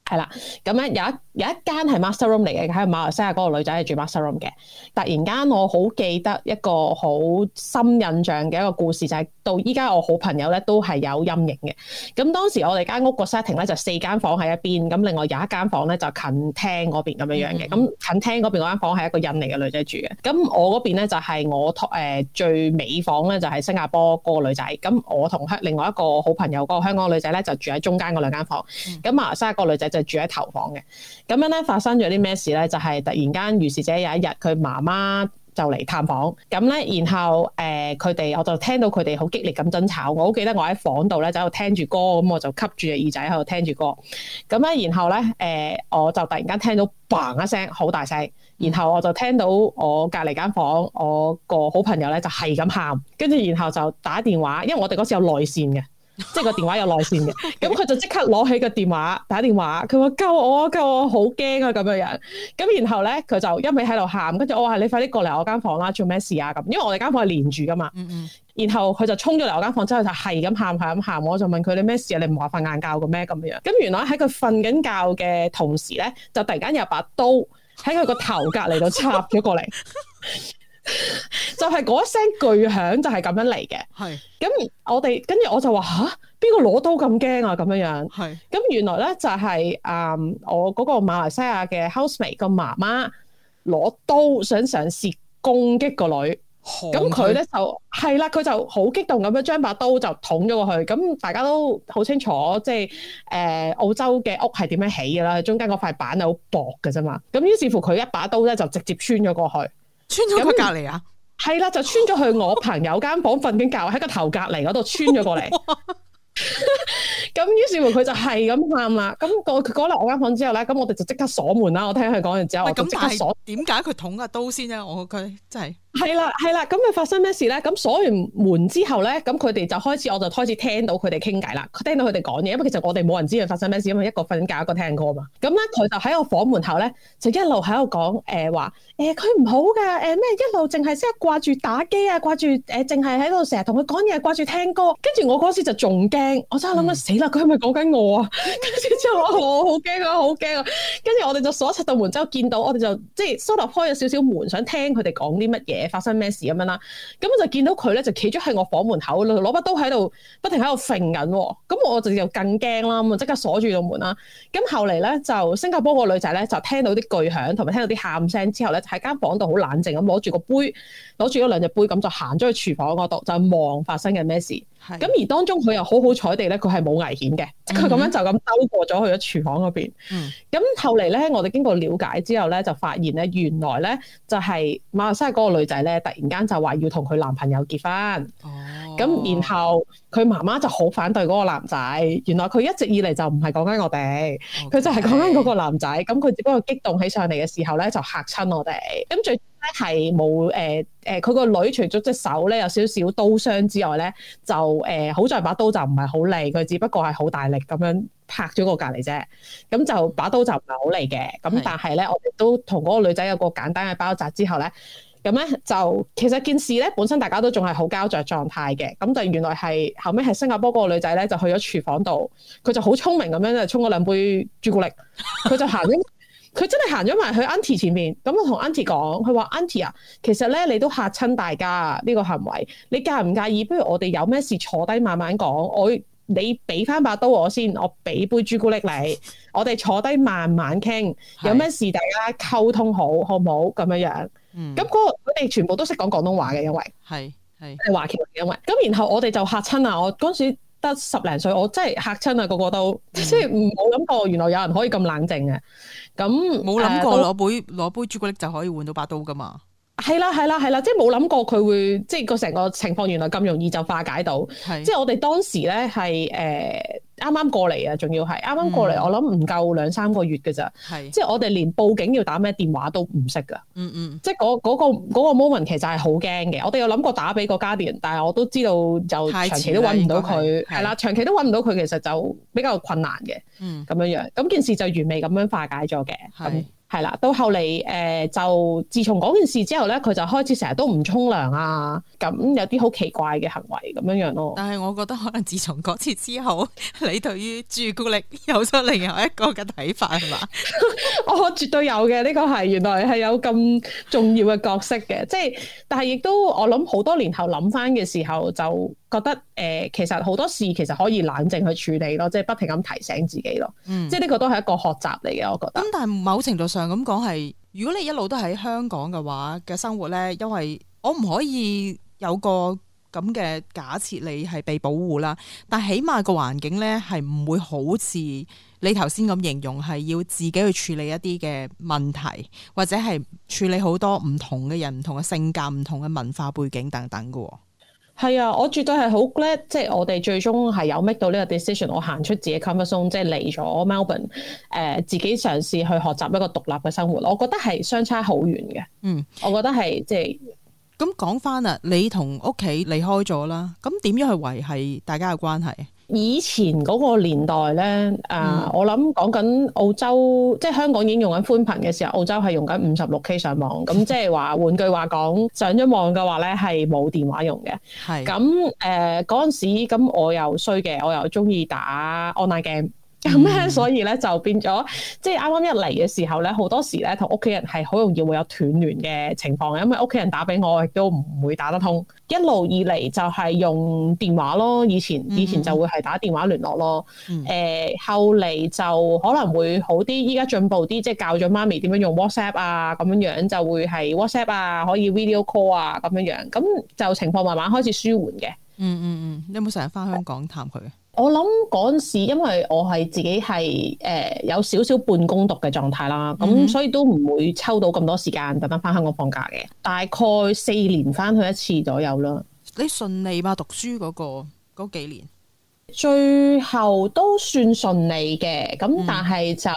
E: 係啦，咁樣有一有一間係 master room 嚟嘅，喺馬來西亞嗰個女仔係住 master room 嘅。突然間我好記得一個好深印象嘅一個故事，就係到依家我好朋友咧都係有陰影嘅。咁當時我哋間屋個 setting 咧就四間房喺一邊，咁另外有一間房咧就近廳嗰邊咁樣樣嘅。咁近廳嗰邊嗰間房係一個印尼嘅女仔住嘅，咁我嗰邊咧就係我誒最尾房咧就係新加坡嗰個女仔。咁我同另外一個好朋友嗰個香港女仔咧就住喺中間嗰兩間房。咁馬來西亞嗰個女仔就住喺頭房嘅。咁樣咧發生咗啲咩事咧？就係、是、突然間，如是者有一日佢媽媽就嚟探訪，咁咧然後誒，佢、呃、哋我就聽到佢哋好激烈咁爭吵，我好記得我喺房度咧，就喺度聽住歌，咁我就吸住隻耳仔喺度聽住歌，咁咧然後咧誒、呃，我就突然間聽到「嘭」一聲，好大聲，然後我就聽到我隔籬間房間我個好朋友咧就係咁喊，跟住然後就打電話，因為我哋嗰時有內線嘅。 [LAUGHS] 即係個電話有內線嘅，咁佢就即刻攞起個電話打電話，佢話救我啊，救我，好驚啊咁樣樣，咁然後咧佢就一味喺度喊，跟住我話你快啲過嚟我間房啦，做咩事啊咁，因為我哋間房係連住噶嘛，嗯嗯，然後佢就衝咗嚟我間房之後就係咁喊係咁喊，我就問佢你咩事啊，你唔話瞓晏覺嘅咩咁樣，咁原來喺佢瞓緊覺嘅同時咧，就突然間有把刀喺佢個頭隔籬度插咗過嚟。 [LAUGHS] [LAUGHS] 就係一聲巨響就係咁樣嚟嘅，係咁是我哋跟住我就話吓，邊個攞刀咁驚啊咁樣樣，係咁是原來咧就係、是、誒、嗯、我嗰個馬來西亞嘅 housemate 個媽媽攞刀想嘗試攻擊個女，咁佢咧就係啦，佢就好激動咁樣將把刀就捅咗過去，咁大家都好清楚，即係誒、呃、澳洲嘅屋係點樣起噶啦，中間嗰塊板係好薄噶啫嘛，咁於是乎佢一把刀咧就直接穿咗過去。穿咗佢隔籬啊，係啦，就穿咗去我朋友間房瞓緊覺，喺 [LAUGHS] 個頭隔籬嗰度穿咗過嚟。 [LAUGHS] 咁於 [LAUGHS] 是乎佢就係咁喊啦，咁過過落我間房間之後咧，咁我哋就即刻鎖門啦。我聽佢講完之後，咁喂但係
A: 點解佢捅個、啊、刀先咧、啊？我佢真
E: 係係啦係啦，咁佢發生咩事咧？咁鎖完門之後咧，咁佢哋就開始我就開始聽到佢哋傾偈啦，聽到佢哋講嘢，因為其實我哋冇人知佢發生咩事，因為一個瞓緊覺，一個聽歌嘛。咁咧佢就喺我房門口咧，就一路喺度講誒話誒佢唔好㗎誒咩一路淨係先掛住打機啊，掛住誒淨係喺度成日同佢講嘢，掛、呃、住聽歌，跟住我嗰時就仲驚。我真係諗緊死啦！佢係咪講緊我啊？跟 [LAUGHS] 住、 [LAUGHS] 哦啊啊、之後我好驚啊，好驚啊！跟住我哋就鎖實到門，之後見到我哋就即係蘇打開咗少少門，想聽佢哋講啲乜嘢，發生咩事咁樣啦。咁就見到佢咧就企咗喺我房門口攞把刀喺度不停喺度揈緊。咁我就又更驚啦。咁即刻鎖住道門啦。咁後嚟咧就新加坡個女仔咧就聽到啲巨響，同埋聽到啲喊聲之後咧喺間房度好冷靜咁，攞住個杯，攞住嗰兩隻杯咁就行咗去廚房嗰度，就望發生緊咩事。咁而當中佢又好好彩地咧，佢係冇危險嘅，即佢咁樣就咁兜過咗去咗廚房嗰邊。咁、嗯、哼後嚟咧，我哋經過了解之後咧，就發現咧，原來咧就係、是、馬來西亞嗰個女仔咧，突然間就話要同佢男朋友結婚。咁、哦、然後佢媽媽就好反對嗰個男仔。原來佢一直以嚟就唔係講緊我哋，佢 Okay. 就係講緊嗰個男仔。咁佢只不過激動起上嚟嘅時候咧，就嚇親我哋。咁最咧係冇誒誒，佢個、呃、女除咗隻手咧有少少刀傷之外咧，就、呃、好在把刀就唔係好利，佢只不過係好大力咁樣拍咗個隔離啫。咁就把刀就唔係好利嘅。咁但係咧，是我哋都同嗰個女仔有個簡單嘅包紮之後咧，咁咧就其實件事咧，本身大家都仲係好膠着狀態嘅。咁就原來係後尾係新加坡嗰個女仔咧，就去咗廚房度，佢就好聰明咁樣就沖咗兩杯朱古力，佢就行 [LAUGHS] 佢真係行咗埋去 aunty 前面，咁我同 aunty 講，佢話 aunty 啊，其實咧你都嚇親大家呢、呢個行為，你介唔介意？不如我哋有咩事坐低慢慢講，我你俾翻把刀我先，我俾杯朱古力你，我哋坐低慢慢傾，是有咩事大家溝通好，好唔好？咁樣樣，咁嗰、嗯嗰個佢哋全部都識講廣東話嘅，因為係係華僑嚟，因為咁然後我哋就嚇親啊！我嗰陣時。得十零歲，我真係嚇親啊！個個都、嗯、即係唔冇諗過，原來有人可以咁冷靜嘅。咁冇諗過攞、呃、
A: 杯攞杯朱古力就可以換到把刀㗎嘛。
E: 係啦，係啦，係啦，啦，即係冇諗過佢會，即係個成個情況，原來咁容易就化解到。是即係我哋當時咧係誒，啱、呃、啱過嚟啊，仲要係啱啱過嚟，我諗唔夠兩三個月嘅咋。是即係我哋連報警要打咩電話都唔識噶。嗯嗯即係、那、嗰個嗰、那個 moment、那個、其實係好驚嘅。我哋有諗過打俾個 Guardian，但係我都知道就長期都搵唔到佢。係啦，長期都搵唔到佢，其實就比較困難嘅。咁樣、嗯、樣，咁件事就完美咁樣化解咗嘅。係啦，到後嚟，誒、呃，就自從嗰件事之後咧，佢就開始成日都唔沖涼啊，咁有啲好奇怪嘅行為咁樣樣咯。
A: 但係我覺得可能自從嗰次之後，你對於朱古力有咗另外一個嘅睇法係嘛？ [LAUGHS]
E: 吧 [LAUGHS] 我絕對有嘅，呢、這個係原來係有咁重要嘅角色嘅， [LAUGHS] 即係，但係亦都我諗好多年後諗翻嘅時候就。覺得誒、呃，其實好多事其實可以冷靜去處理咯，即、就、係、是、不停咁提醒自己咯。嗯、即係呢個都係一個學習嚟嘅，我覺得。咁、
A: 嗯、但係某程度上咁講係，如果你一路都喺香港嘅話嘅生活咧，因為我唔可以有個咁嘅假設，你係被保護啦。但起碼個環境咧係唔會好似你頭先咁形容，係要自己去處理一啲嘅問題，或者係處理好多唔同嘅人、唔同嘅性格、唔同嘅文化背景等等㗎喎。
E: 係啊，我絕對係好 glad，即係我哋最終係有 make 到呢個 decision，我行出自己的 comfort zone，即係嚟咗 Melbourne，誒自己嘗試去學習一個獨立嘅生活。我覺得係相差好遠嘅，嗯，我覺得
A: 係即係。咁講翻啦，你同屋企離開咗啦，咁點樣去維繫大家嘅關係？
E: 以前嗰個年代咧，呃嗯、我諗講緊澳洲，即係香港已經用緊寬頻嘅時候，澳洲係用緊五十六 K 上網，咁即係話換句話講，上咗網嘅話咧係冇電話用嘅。係咁的，誒嗰陣時，咁我又衰嘅，我又中意打 online game。咁咧、嗯， [NOISE] 所以咧就變咗，即係啱啱一嚟嘅時候咧，好多時咧同屋企人係好容易會有斷聯嘅情況，因為屋企人打俾我亦都唔會打得通。一路以嚟就係用電話咯，以前以前就會係打電話聯絡咯。誒、嗯嗯呃、後嚟就可能會好啲，依家進步啲，即係教咗媽咪點樣用 WhatsApp 啊咁樣樣，就會係 WhatsApp 啊，可以 video call 啊咁樣樣。咁就情況慢慢開始舒緩嘅、嗯。嗯
A: 嗯嗯，你有冇成日翻香港探佢？
E: 我諗嗰陣時，因為我係自己係誒、呃、有少少半工讀嘅狀態啦，咁、嗯、哼所以都唔會抽到咁多時間，特登翻香港放假嘅，大概四年翻去一次左右啦。
A: 你順利吧，讀書嗰、嗰個嗰幾年，
E: 最後都算順利嘅，咁但係就誒、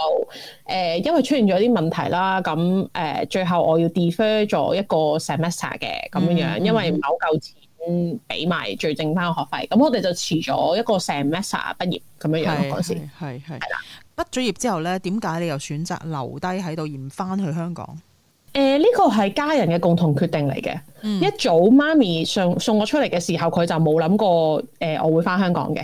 E: 嗯呃、因為出現咗啲問題啦，咁誒、呃、最後我要 defer 咗一個 semester 嘅咁樣，嗯、哼因為冇夠錢。嗯，俾埋最正翻個學費，咁我哋
A: 就遲咗一個成 master 畢業咁樣樣嗰時，係係係啦，畢咗的業之後咧，點解你又選擇留低喺度，而唔翻去香港？
E: 誒、呃，呢個係家人嘅共同決定嚟嘅。嗯、一早媽咪上送我出嚟嘅時候，佢就冇諗過誒、呃，我會翻香港嘅。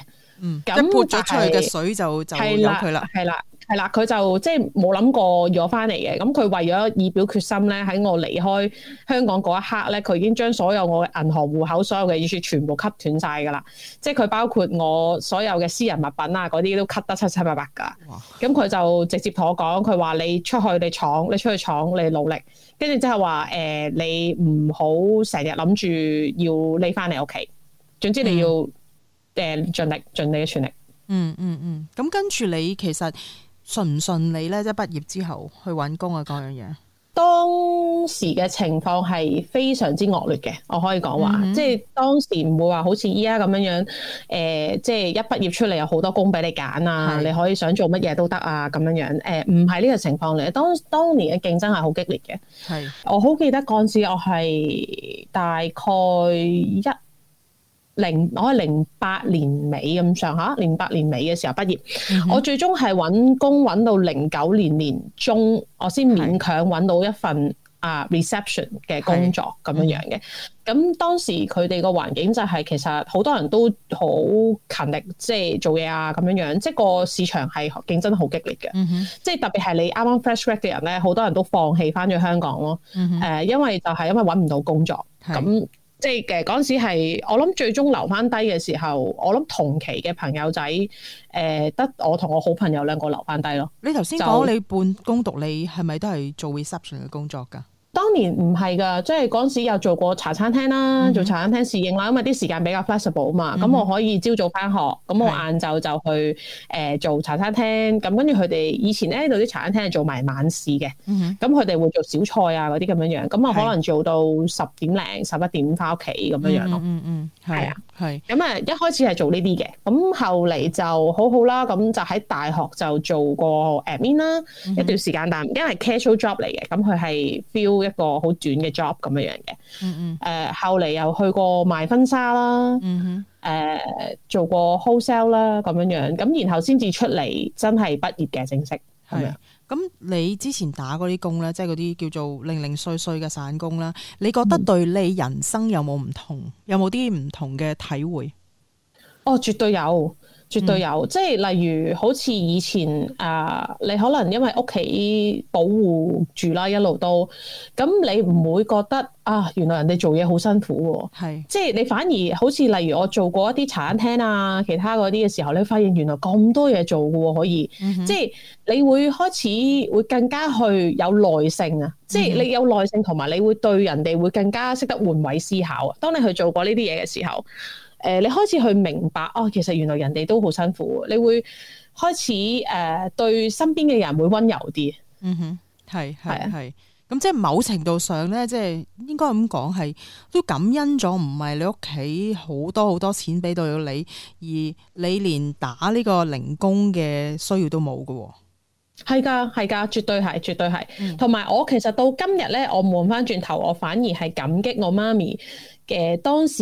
A: 咁潑咗、嗯、那出去嘅水就是就冇咗佢啦，
E: 係啦。係啦，佢就即係冇諗過我翻嚟嘅。咁佢為咗以表決心咧，喺我離開香港嗰一刻咧，佢已經將所有我嘅銀行戶口、所有嘅嘢全部 cut 斷晒噶啦。即係佢包括我所有嘅私人物品啊，嗰啲都 cut 得七七八八噶。咁佢哇就直接同我講，佢話你出去你闖，你出去闖，你努力。跟住之後話誒，你唔好成日諗住要匿翻嚟屋企。總之你要誒盡力盡你嘅全
A: 力。嗯嗯嗯。咁跟住你其實。順唔順利咧？即係畢業之後去揾工啊，各樣嘢。
E: 當時嘅情況係非常之惡劣嘅，我可以講話，嗯、哼即係當時唔會話好似依家咁樣樣。誒、呃，即係一畢業出嚟有好多工俾你揀啊，是你可以想做乜嘢都得啊，咁樣樣。誒、呃，唔係呢個情況嚟，當當年嘅競爭係好激烈嘅。
C: 係
E: 是，我好記得嗰陣時，我係大概一。零，我係零八年尾咁上下，零、啊、八年尾嘅時候畢業。Mm hmm. 我最終係揾工揾到零九年年中，我先勉強揾到一份、mm hmm. 啊 reception 嘅工作咁、mm hmm. 樣樣嘅。咁當時佢哋個環境就係、是、其實好多人都好勤力，即係做嘢啊咁樣樣，即係個市場係競爭好激烈嘅。Mm hmm. 即係特別係你啱啱 fresh grad 嘅人咧，好多人都放棄翻咗香港咯。誒、mm hmm. 呃，因為就係因為揾唔到工作咁。Mm hmm. 樣即係嘅，嗰陣時係我諗最終留翻低嘅時候，
A: 我諗同期嘅朋友仔誒、呃、得我同我好朋友兩個留翻低咯。你頭先講你半工讀，是不是？是，你係咪都係做 reception 嘅工作㗎？
E: 當年唔係㗎，即係嗰陣時有做過茶餐廳啦，mm hmm. 做茶餐廳侍應啦，因為啲時間比較 flexible 嘛，咁、mm hmm. 我可以朝早返學，咁我晏晝就去誒的、呃、做茶餐廳，咁跟住佢哋以前咧呢度啲茶餐廳係做埋晚市嘅，咁佢哋會做小菜啊嗰啲咁樣樣，咁啊可能做到十點零十一點返屋企咁樣樣咯，嗯嗯、mm，係、hmm. 啊的。係咁啊！一開始係做呢啲嘅，咁後嚟就好好啦。咁就喺大學就做過 admin 啦、嗯、哼一段時間，但因為係 casual job 嚟嘅，咁佢係 feel 一個好短嘅 job 咁樣嘅。嗯嗯。呃、後嚟又去過賣婚紗啦。嗯哼。誒、呃、
A: 做過 wholesale 啦咁樣，咁然後先至出嚟真係畢業嘅正式係啊。咁你之前打嗰啲工咧，即係嗰啲叫做零零碎碎嘅散工啦，你覺得對你人生有冇唔同？有冇啲唔同嘅體會？哦，絕對有。絕對有，嗯、即係例如好似以前啊，你可
E: 能因為屋企保護住啦，一路都咁，噉你唔會覺得、嗯、啊，原來人哋做嘢好辛苦喎。是即係你反而好似例如我做過一啲茶餐廳啊，嗯、其他嗰啲嘅時候你發現原來咁多嘢做嘅喎，可以，嗯、哼即係你會開始會更加去有耐性啊，嗯、哼即係你有耐性同埋你會對人哋會更加識得換位思考啊。當你去做過呢啲嘢嘅時候。誒、呃，你開始去明白哦，其實原來人哋都好辛苦。你會開始誒、呃、對身邊嘅人
A: 會溫柔啲。嗯哼，係係係。咁是、啊、即係某程度上咧，即係應該咁講，係都感恩咗，唔係你屋企好多好多錢俾到你，而你連打呢個零工嘅需要都冇嘅。
E: 係噶係噶，絕對係絕對係。同埋、嗯、我其實到今日咧，我換翻轉頭，我反而係感激我媽咪。嘅當時，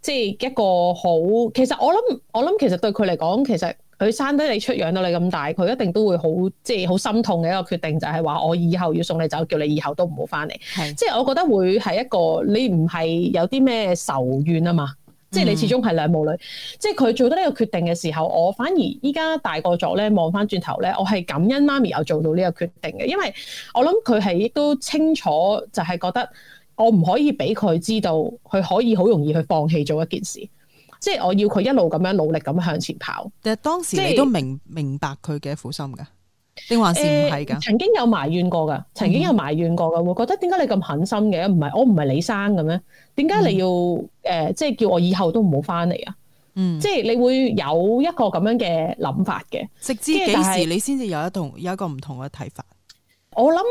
E: 即係一個好，其實我諗，我諗其實對佢嚟講，其實佢生低你出養到你咁大，佢一定都會好，即係好心痛嘅一個決定，就係、是、話我以後要送你走，叫你以後都唔好翻嚟。是即係我覺得會係一個你唔係有啲咩仇怨啊嘛，即係你始終係兩母女，嗯、即係佢做到呢個決定嘅時候，我反而依家大個咗咧，望翻轉頭咧，我係感恩媽咪有做到呢個決定嘅，因為我諗佢係亦都清楚，就係覺得。我唔可以俾佢知道，佢可以好容易去放棄做一件事，即係我要佢一路咁樣努力咁向前跑。其實當時你都明明白佢嘅苦心㗎，定還是唔係㗎？曾經有埋怨過㗎，曾經有埋怨過㗎、嗯，會覺得點解你咁狠心嘅？唔係我唔係你生咁樣，點解你要、嗯呃、即係叫我以後都唔好翻嚟啊！嗯、即係
A: 你會有一個咁樣嘅諗法嘅，直至幾時你先至有一同有一個唔同嘅睇法？
E: 我諗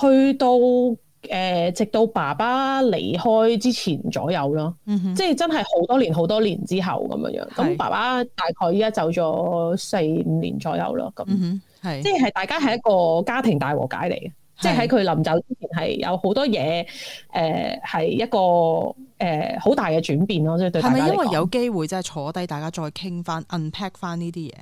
E: 去到。誒，直到爸爸離開之前左右咯，mm hmm. 即係真係好多年、好多年之後咁樣樣。咁是爸爸大概依家走咗四五年左右啦，咁係、mm hmm. 即係大家係一個家庭大和解嚟嘅，mm hmm. 即係喺佢臨走之前係有好多嘢，誒、呃、係一個誒好、呃、大嘅轉變咯。即係對，係咪因為有
A: 機會即係坐低大家再傾翻 unpack 翻呢啲嘢？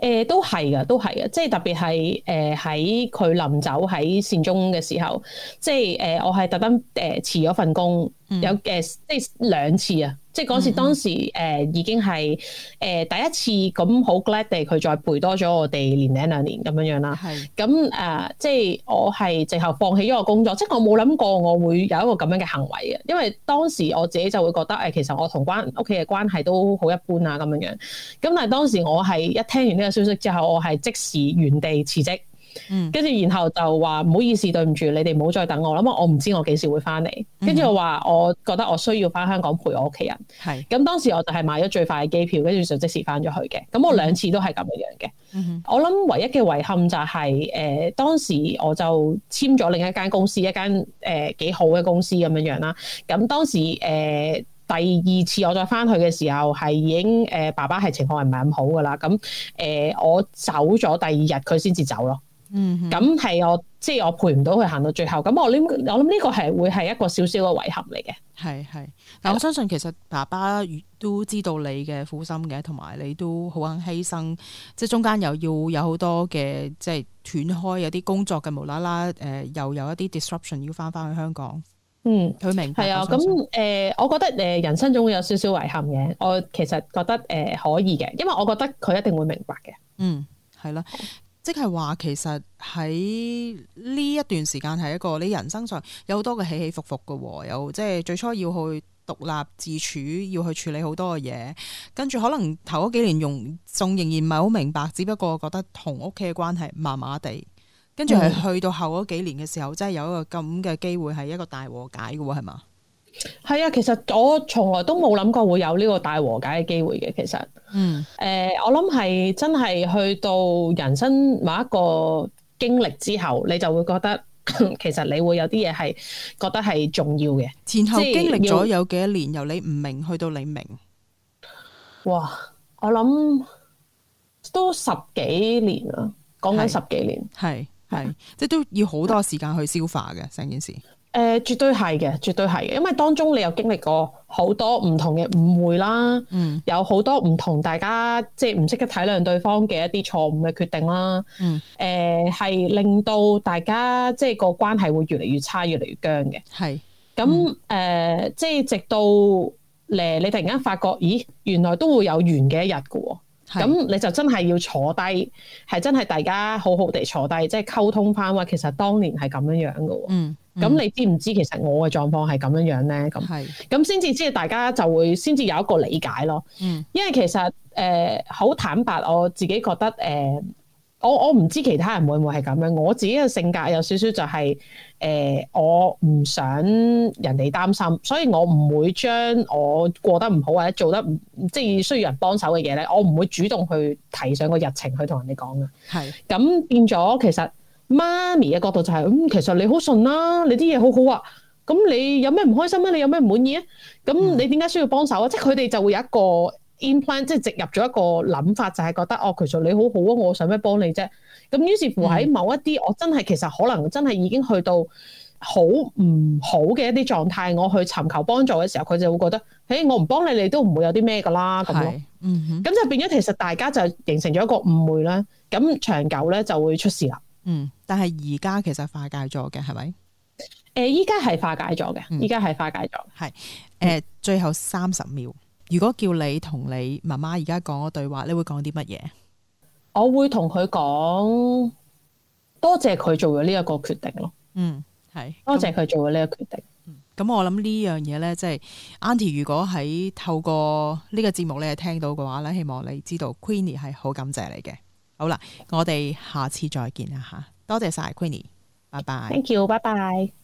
E: 誒都係噶，都係噶，即係特別係誒喺佢臨走喺善終嘅時候，即係誒、呃、我係特登誒辭咗份工，嗯、有誒、呃、即係兩次啊。即係嗰時當時、嗯哼呃、已經係誒、呃、第一次咁好 glad 地佢再陪多咗我哋年零兩年咁樣的樣啦。係咁誒，即係我係直頭放棄咗個工作，即係我冇諗過我會有一個咁樣嘅行為嘅，因為當時我自己就會覺得誒、呃，其實我同關屋企嘅關係都好一般啊咁樣樣。咁但係當時我係一聽完呢個消息之後，我係即時原地辭職。跟住然後就話嗯，唔好意思，對唔住，你哋唔好再等我啦，我唔知我幾時會翻嚟。跟住我話我覺得我需要翻香港陪我屋企人。係，咁當時我就係買咗最快嘅機票，跟住就即時翻咗去嘅。咁我兩次都係咁嘅樣嘅。嗯，我諗唯一嘅遺憾就係，誒，當時我就簽咗另一間公司，一間誒幾好嘅公司咁樣樣啦。咁當時誒，第二次我再翻去嘅時候，係已經誒，爸爸係情況係唔係咁好噶啦。咁誒，我走咗第二日，佢先至走咯。嗯，咁係我即係我陪唔到佢行到最後，咁我諗我諗呢個係會係一個
A: 小小嘅遺憾嚟嘅。係係，但我相信其實爸爸都知道你嘅苦心嘅，同埋你都好肯犧牲，即係中間又要有好多嘅即係斷開，有啲工作嘅無啦啦，誒、呃、又有一啲 disruption 要翻翻去香港。嗯，佢明係啊，咁誒、
E: 呃，我覺得誒人生總會有少少遺憾嘅。我其實覺得
A: 誒、呃、可以嘅，因為我覺得佢一定會明白嘅。嗯，係啦。即係話，其實喺呢一段時間係一個你人生上有好多嘅起起伏伏嘅，有即係最初要去獨立自處，要去處理好多嘅嘢，跟住可能頭嗰幾年仲仲仍然唔係好明白，只不過覺得同屋企嘅關係麻麻地，跟住係去到後嗰幾年嘅時候，真係是的 有一個咁嘅機會係一個大和解嘅，係嘛？
E: 係啊，其實我從來都冇諗過會有呢個大和解嘅機會嘅。其實，嗯，誒、呃，我諗係真係去到人生某一個經歷之後，你就會覺得其實你會有啲嘢係覺得係重
A: 要嘅。前後經歷咗有幾多年，要由
E: 你唔明去到你明。
A: 哇，我諗都十幾年啦，講緊十幾年，係係，是即係都要好多時間去消化嘅成是件事。誒、呃，絕對係嘅，
E: 絕對係嘅，因為當中你又經歷過好多唔同嘅誤會啦，嗯，有好多唔同大家即係唔識得體諒對方嘅一啲錯誤嘅決定啦，嗯，誒係、呃、令到大家即係、就是、個關係會越嚟越差，越嚟越僵嘅，係是，咁誒即係直到咧，你突然間發覺，咦，原來都會有完嘅一日㗎喎，咁是你就真係要坐低，係真係大家好好地坐低，即係溝通翻話，其實當年係咁樣樣㗎，嗯。咁你知唔知其實我嘅狀況係咁樣樣咧？咁、嗯，咁先至大家就會先至有一個理解咯。嗯，因為其實好、呃、坦白，我自己覺得、呃、我我唔知其他人會唔會係咁樣。我自己嘅性格有少少就係、是呃、我唔想人哋擔心，所以我唔會將我過得唔好或者做得唔即係需要人幫手嘅嘢咧，我唔會主動去提上個日程去同人哋講嘅。咁是變咗其實。媽咪嘅角度就係、是，咁、嗯、其實你好順啦，你啲嘢好好啊，咁你有咩唔開心呀、啊？你有咩唔滿意啊？咁你點解需要幫手啊？嗯、即係佢哋就會有一個 implant，即係植入咗一個諗法，就係、是、覺得哦，其實你好好啊，我使咩幫你啫、啊？咁於是乎喺某一啲、嗯、我真係其實可能真係已經去到好唔好嘅一啲狀態，我去尋求幫助嘅時候，佢就會覺得，誒，我唔幫你，你都唔會有啲咩㗎啦，咁咯，咁、嗯、就變咗其實大家就形成咗一個誤會啦。咁長久咧就會出事
A: 啦。嗯，但係而家其實是化解咗嘅，係咪？誒，依家係化解咗嘅，依家係化解咗。係誒，呃嗯、最後三十秒，如果叫你同你媽媽而家講嗰對話，你會講啲乜嘢？
E: 我會同佢講，多謝佢做咗呢一個決定咯。嗯，
A: 係多謝佢做咗呢個決定。咁、嗯嗯嗯、我諗呢樣嘢咧，即、就、係、是、Aunty，如果喺透過呢個節目你咧聽到嘅話咧，希望你知道 Queenie 係好感謝你嘅。好啦我哋下次再見啦吓多謝晒 Queenie 拜拜 Thank
E: you 拜拜